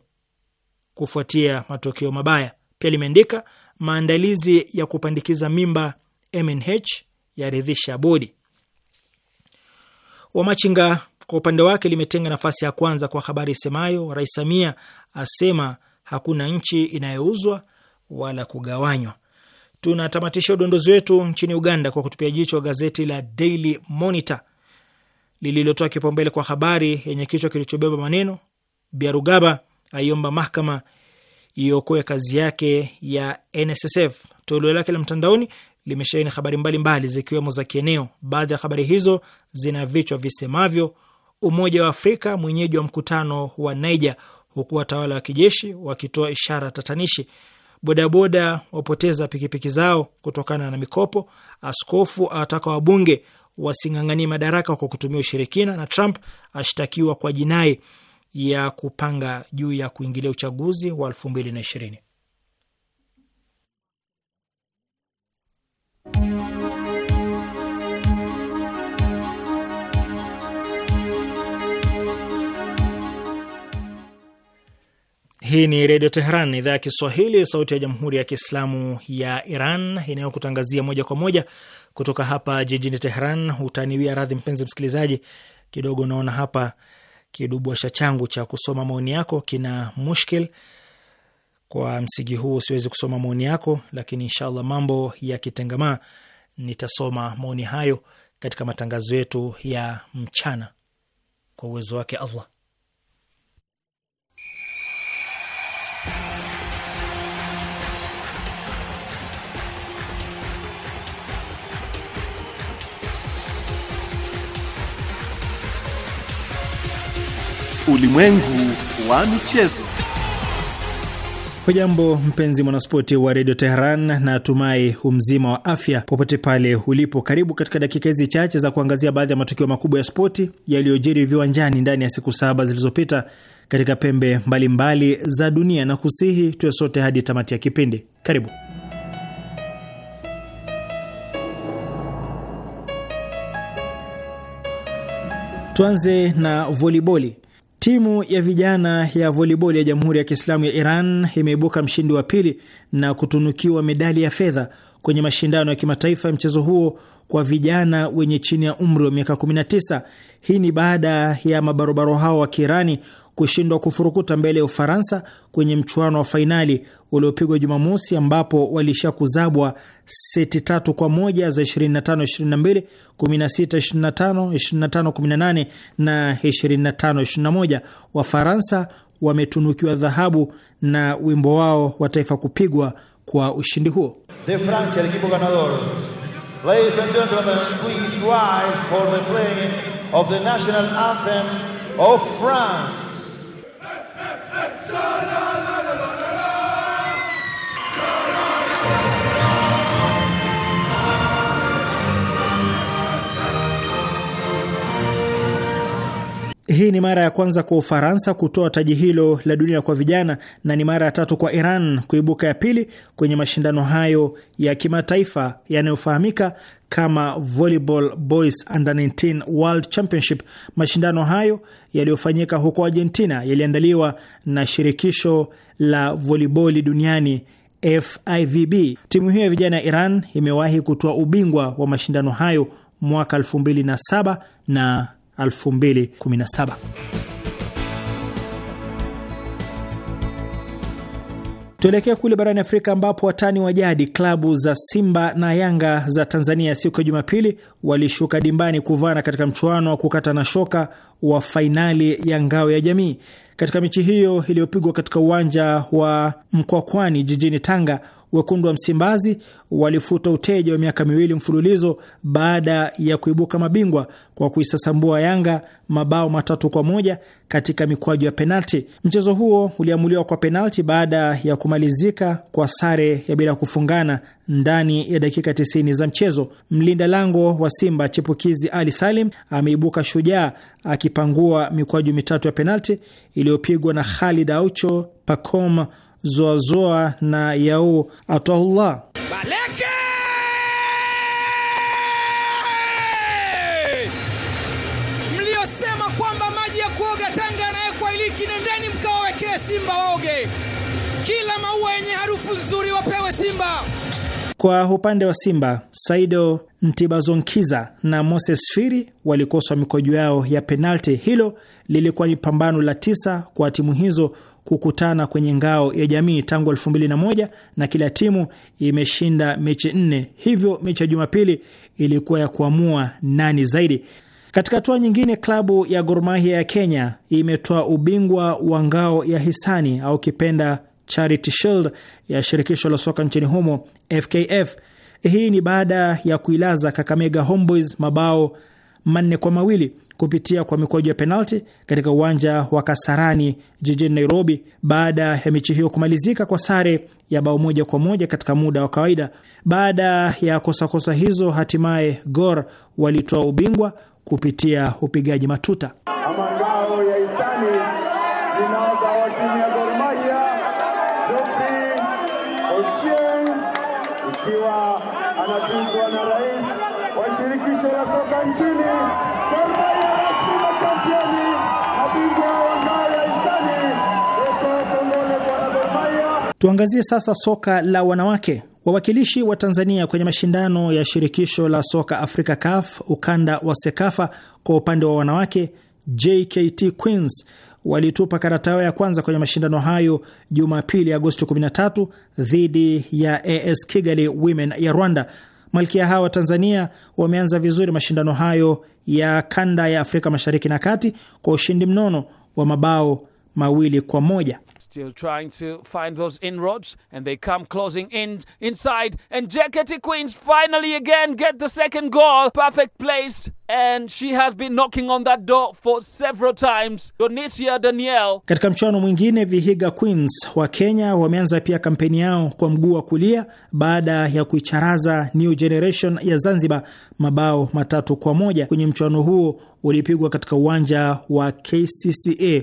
kufuatia matokeo mabaya. Pia limeandika maandalizi ya kupandikiza mimba MNH yaridhisha bodi. Wamachinga kwa upande wake limetenga nafasi ya kwanza kwa habari isemayo Rais Samia asema hakuna nchi inayouzwa wala kugawanywa. Tunatamatisha udondozi wetu nchini Uganda kwa kutupia jicho gazeti la Daily Monitor lililotoa kipaumbele kwa habari yenye kichwa kilichobeba maneno Biarugaba aiomba mahakama iokoe kazi yake ya NSSF. Toleo lake la mtandaoni limesheheni habari mbalimbali zikiwemo za kieneo. Baadhi ya habari hizo zina vichwa visemavyo Umoja wa Afrika mwenyeji wa mkutano wa Niger, huku watawala wa kijeshi wakitoa ishara tatanishi. Bodaboda wapoteza pikipiki zao kutokana na mikopo. Askofu awataka wabunge wasing'ang'anie madaraka kwa kutumia ushirikina, na Trump ashtakiwa kwa jinai ya kupanga juu ya kuingilia uchaguzi wa elfu mbili na ishirini. Hii ni Redio Teheran, idhaa ya Kiswahili, sauti ya Jamhuri ya Kiislamu ya Iran, inayokutangazia moja kwa moja kutoka hapa jijini Teheran. Utaniwia radhi mpenzi msikilizaji, kidogo naona hapa kidubwasha changu cha kusoma maoni yako kina mushkil. Kwa msingi huo siwezi kusoma maoni yako, lakini inshallah mambo kitengamaa nitasoma maoni hayo katika matangazo yetu ya mchana kwa uwezo wake Allah. Ulimwengu wa michezo. Hujambo mpenzi mwanaspoti wa redio Teheran na tumai umzima wa afya popote pale ulipo. Karibu katika dakika hizi chache za kuangazia baadhi ya matukio makubwa ya spoti yaliyojiri viwanjani ndani ya siku saba zilizopita katika pembe mbalimbali mbali za dunia, na kusihi tuwe sote hadi tamati ya kipindi. Karibu. Tuanze na voliboli. Timu ya vijana ya volleyball ya Jamhuri ya Kiislamu ya Iran imeibuka mshindi wa pili na kutunukiwa medali ya fedha kwenye mashindano ya kimataifa ya mchezo huo kwa vijana wenye chini ya umri wa miaka 19. Hii ni baada ya mabarobaro hao wa Kiirani kushindwa kufurukuta mbele ya Ufaransa kwenye mchuano wa fainali uliopigwa Jumamosi, ambapo waliishia kuzabwa seti tatu kwa moja za 25-22, 16-25, 25-18 na 25-21. Wafaransa wametunukiwa dhahabu na wimbo wao wa taifa kupigwa kwa ushindi huo. el equipo ganador. Ladies and gentlemen, please rise for the playing of the national anthem of France. Hey, Hii ni mara ya kwanza kwa Ufaransa kutoa taji hilo la dunia kwa vijana na ni mara ya tatu kwa Iran kuibuka ya pili kwenye mashindano hayo ya kimataifa yanayofahamika kama Volleyball Boys Under 19 World Championship. Mashindano hayo yaliyofanyika huko Argentina yaliandaliwa na shirikisho la voliboli duniani FIVB. Timu hiyo ya vijana ya Iran imewahi kutoa ubingwa wa mashindano hayo mwaka 2007 na 2017. Tuelekea kule barani Afrika ambapo watani wa jadi klabu za Simba na Yanga za Tanzania siku ya Jumapili walishuka dimbani kuvana katika mchuano wa kukata na shoka wa fainali ya ngao ya jamii. Katika mechi hiyo iliyopigwa katika uwanja wa Mkwakwani jijini Tanga, wekundu wa Msimbazi walifuta uteja wa miaka miwili mfululizo baada ya kuibuka mabingwa kwa kuisasambua Yanga mabao matatu kwa moja katika mikwaju ya penalti. Mchezo huo uliamuliwa kwa penalti baada ya kumalizika kwa sare ya bila kufungana ndani ya dakika 90 za mchezo. Mlinda lango wa Simba chipukizi Ali Salim ameibuka shujaa akipangua mikwaju mitatu ya penalti iliyopigwa na Khalid Aucho, Pacom Zoazoa na Yau Atahullah Baleke. Kwa upande wa Simba, Saido Ntibazonkiza na Moses Firi walikoswa mikojo yao ya penalti. Hilo lilikuwa ni pambano la tisa kwa timu hizo kukutana kwenye ngao ya jamii tangu 2001 na, na kila timu imeshinda mechi nne, hivyo mechi ya Jumapili ilikuwa ya kuamua nani zaidi. Katika hatua nyingine, klabu ya Gor Mahia ya Kenya imetoa ubingwa wa ngao ya hisani au kipenda Charity Shield ya shirikisho la soka nchini humo FKF. Hii ni baada ya kuilaza Kakamega Homeboys mabao manne kwa mawili kupitia kwa mikwaju ya penalti katika uwanja wa Kasarani jijini Nairobi, baada ya mechi hiyo kumalizika kwa sare ya bao moja kwa moja katika muda wa kawaida. Baada ya kosakosa kosa hizo, hatimaye Gor walitoa ubingwa kupitia upigaji matuta Amangao. Tuangazie sasa soka la wanawake. Wawakilishi wa Tanzania kwenye mashindano ya shirikisho la soka Afrika CAF ukanda wa SEKAFA kwa upande wa wanawake, JKT Queens walitupa karata ya kwanza kwenye mashindano hayo Jumapili, Agosti 13 dhidi ya AS Kigali Women ya Rwanda. Malkia hawa wa Tanzania wameanza vizuri mashindano hayo ya kanda ya Afrika mashariki na kati kwa ushindi mnono wa mabao mawili kwa moja still trying to find those inroads, and they come closing in inside. And Jackety Queens finally again get the second goal, perfect placed. And she has been knocking on that door for several times. Donicia Daniel. Katika mchuano mwingine, Vihiga Queens wa Kenya wameanza pia kampeni yao kwa mguu wa kulia baada ya kuicharaza New Generation ya Zanzibar mabao matatu kwa moja kwenye mchuano huo ulipigwa katika uwanja wa KCCA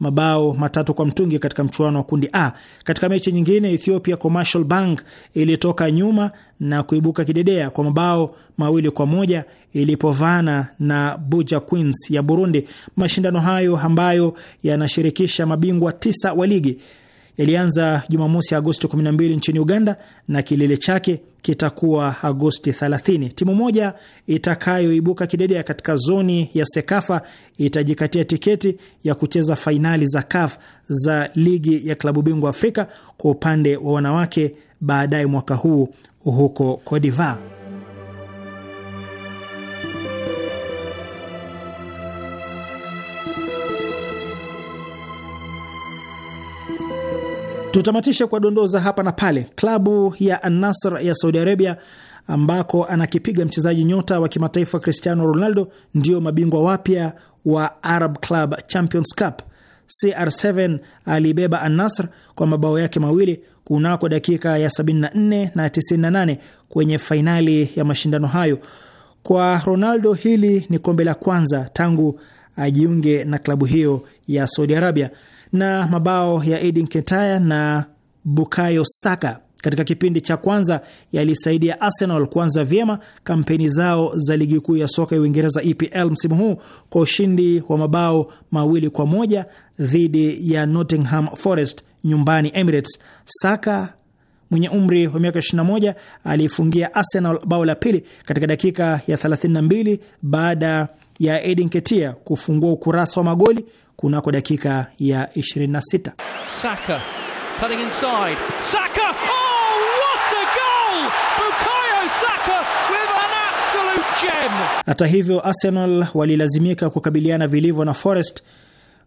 mabao matatu kwa mtungi katika mchuano wa kundi A. Katika mechi nyingine, Ethiopia Commercial Bank ilitoka nyuma na kuibuka kidedea kwa mabao mawili kwa moja ilipovana na Buja Queens ya Burundi. Mashindano hayo ambayo yanashirikisha mabingwa tisa wa ligi yalianza Jumamosi Agosti 12 nchini Uganda na kilele chake kitakuwa Agosti 30. Timu moja itakayoibuka kidedea katika zoni ya Sekafa itajikatia tiketi ya kucheza fainali za CAF za ligi ya klabu bingwa Afrika kwa upande wa wanawake baadaye mwaka huu huko Cote d'Ivoire. Tutamatishe kwa dondoza hapa na pale. Klabu ya anasr ya Saudi Arabia ambako anakipiga mchezaji nyota wa kimataifa Cristiano Ronaldo ndio mabingwa wapya wa Arab Club Champions Cup. CR7 alibeba anasr kwa mabao yake mawili kunako dakika ya 74 na 98 kwenye fainali ya mashindano hayo. Kwa Ronaldo hili ni kombe la kwanza tangu ajiunge na klabu hiyo ya Saudi Arabia na mabao ya Edin Ketaya na Bukayo Saka katika kipindi cha kwanza yalisaidia Arsenal kuanza vyema kampeni zao za ligi kuu ya soka ya Uingereza EPL msimu huu kwa ushindi wa mabao mawili kwa moja dhidi ya Nottingham Forest nyumbani Emirates. Saka mwenye umri wa miaka 21 aliifungia Arsenal bao la pili katika dakika ya 32 baada ya Edin Ketia kufungua ukurasa wa magoli kunako dakika ya 26. Saka cutting inside. Saka! Oh, what a goal! Bukayo Saka with an absolute gem. Hata hivyo, Arsenal walilazimika kukabiliana vilivyo na Forest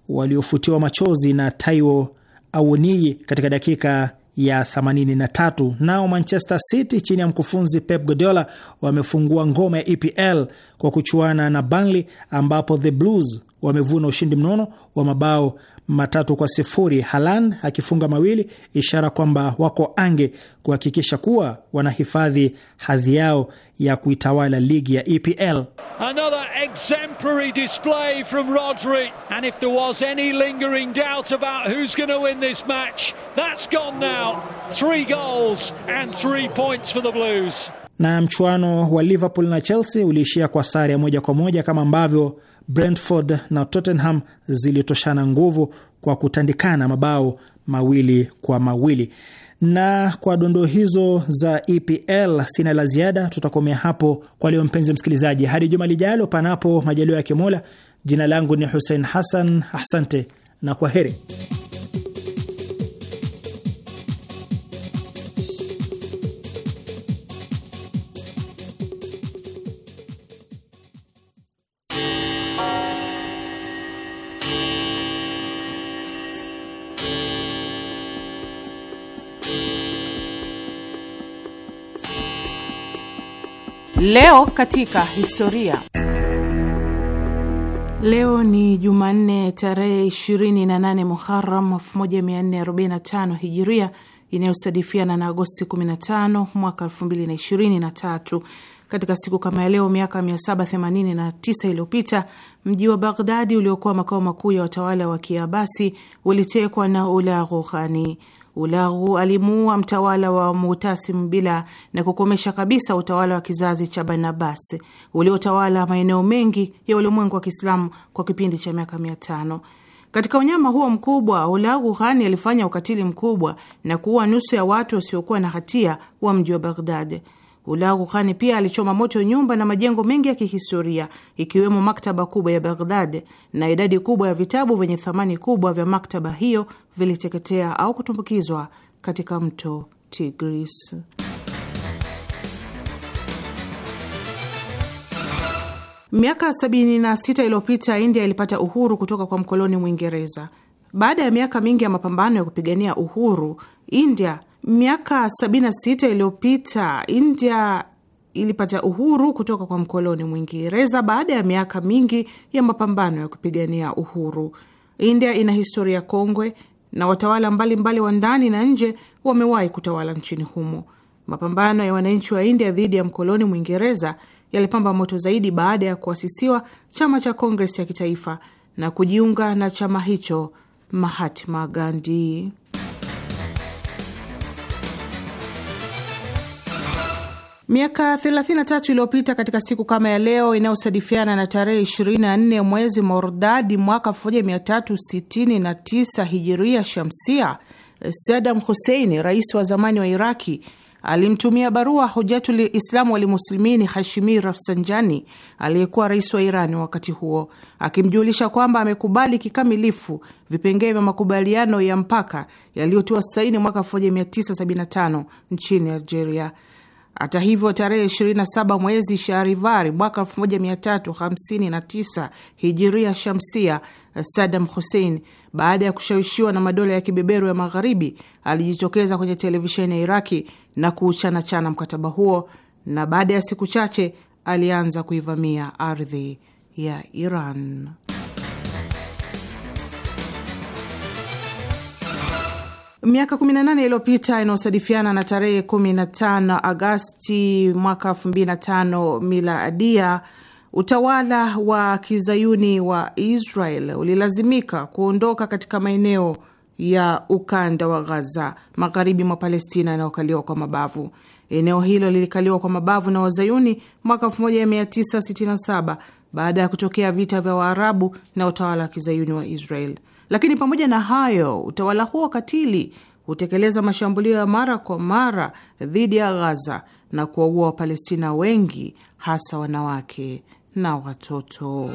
waliofutiwa machozi na Taiwo Awoniyi katika dakika ya 83. Nao Manchester City chini ya mkufunzi Pep Guardiola wamefungua ngoma ya EPL kwa kuchuana na Burnley, ambapo the Blues wamevuna ushindi mnono wa mabao matatu kwa sifuri, Halan akifunga mawili, ishara kwamba wako ange kuhakikisha kuwa wanahifadhi hadhi yao ya kuitawala ligi ya EPL. Another exemplary display from Rodri and if there was any lingering doubt about who's going to win this match, that's gone now. Three goals and three points for the Blues. Na mchuano wa Liverpool na Chelsea uliishia kwa sare ya moja kwa moja kama ambavyo Brentford na Tottenham zilitoshana nguvu kwa kutandikana mabao mawili kwa mawili. Na kwa dondoo hizo za EPL sina la ziada, tutakomea hapo kwa leo, mpenzi msikilizaji, hadi juma lijalo, panapo majaliwa ya Kimola. Jina langu ni Hussein Hassan, asante na kwa heri. Leo katika historia. Leo ni Jumanne tarehe 28 Muharam 1445 Hijiria, inayosadifiana na Agosti 15 mwaka 2023. Katika siku kama ya leo miaka 789 iliyopita mji wa Baghdadi uliokuwa makao makuu ya watawala wa Kiabasi ulitekwa na Ula Rughani. Ulaghu alimuua mtawala wa Mutasim bila na kukomesha kabisa utawala wa kizazi cha Bani Abbas uliotawala maeneo mengi ya ulimwengu wa Kiislamu kwa kipindi cha miaka mia tano. Katika unyama huo mkubwa, Ulaghu Ghani alifanya ukatili mkubwa na kuua nusu ya watu wasiokuwa na hatia wa mji wa Baghdad. Ulagu Khani pia alichoma moto nyumba na majengo mengi ya kihistoria ikiwemo maktaba kubwa ya Baghdad, na idadi kubwa ya vitabu vyenye thamani kubwa vya maktaba hiyo viliteketea au kutumbukizwa katika mto Tigris. Miaka 76 iliyopita India ilipata uhuru kutoka kwa mkoloni Mwingereza. Baada ya miaka mingi ya mapambano ya kupigania uhuru, India Miaka 76 iliyopita India ilipata uhuru kutoka kwa mkoloni Mwingereza baada ya miaka mingi ya mapambano ya kupigania uhuru. India ina historia kongwe na watawala mbalimbali wa ndani na nje wamewahi kutawala nchini humo. Mapambano ya wananchi wa India dhidi ya mkoloni Mwingereza yalipamba moto zaidi baada ya kuasisiwa chama cha Kongres ya Kitaifa na kujiunga na chama hicho Mahatma Gandhi. Miaka 33 iliyopita katika siku kama ya leo inayosadifiana na tarehe 24 mwezi Mordadi mwaka 1369 hijiria shamsia, sadam husseini rais wa zamani wa Iraki, alimtumia barua Hujatul Islamu Walmuslimini Hashimi Rafsanjani aliyekuwa rais wa Irani wakati huo akimjulisha kwamba amekubali kikamilifu vipengee vya makubaliano ya mpaka yaliyotiwa saini mwaka 1975 nchini Algeria. Hata hivyo, tarehe 27 mwezi sharivari mwaka 1359 hijiria shamsia, Saddam Hussein baada ya kushawishiwa na madola ya kibeberu ya magharibi alijitokeza kwenye televisheni ya Iraki na kuuchanachana mkataba huo, na baada ya siku chache alianza kuivamia ardhi ya Iran. miaka 18 iliyopita inayosadifiana na tarehe 15 Agasti mwaka 2005 miladia, utawala wa kizayuni wa Israel ulilazimika kuondoka katika maeneo ya ukanda wa Ghaza magharibi mwa Palestina yanayokaliwa kwa mabavu. Eneo hilo lilikaliwa kwa mabavu na wazayuni mwaka 1967 baada ya kutokea vita vya Waarabu na utawala wa kizayuni wa Israel. Lakini pamoja na hayo, utawala huo katili hutekeleza mashambulio ya mara kwa mara dhidi ya Ghaza na kuwaua Wapalestina wengi, hasa wanawake na watoto.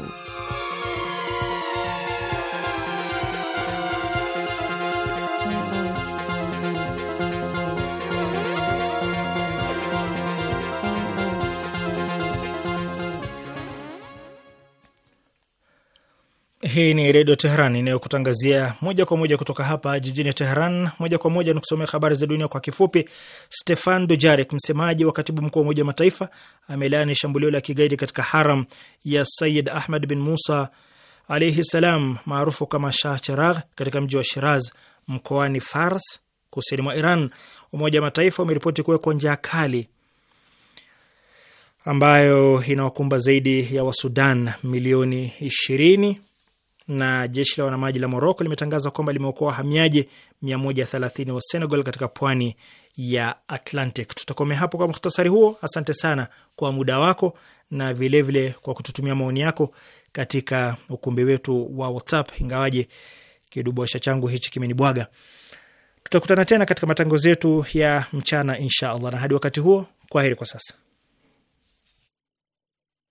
Hii ni Redio Teheran inayokutangazia moja kwa moja kutoka hapa jijini Teheran. Moja kwa moja ni kusomea habari za dunia kwa kifupi. Stefan dujarik msemaji wa katibu mkuu wa Umoja wa Mataifa, amelaani shambulio la kigaidi katika haram ya Sayid Ahmad bin Musa alaihi salam maarufu kama Shah Cheragh katika mji wa Shiraz mkoani Fars kusini mwa Iran. Umoja wa Mataifa umeripoti kuwekwa njaa kali ambayo inawakumba zaidi ya Wasudan milioni ishirini na jeshi la wanamaji la Moroko limetangaza kwamba limeokoa wahamiaji 130 wa Senegal katika pwani ya Atlantic. Tutakomea hapo kwa muhtasari huo. Asante sana kwa muda wako na vilevile vile kwa kututumia maoni yako katika ukumbi wetu wa WhatsApp, ingawaje kidubwasha changu hichi kimenibwaga. Tutakutana tena katika matangazo yetu ya mchana insha Allah, na hadi wakati huo, kwa heri kwa sasa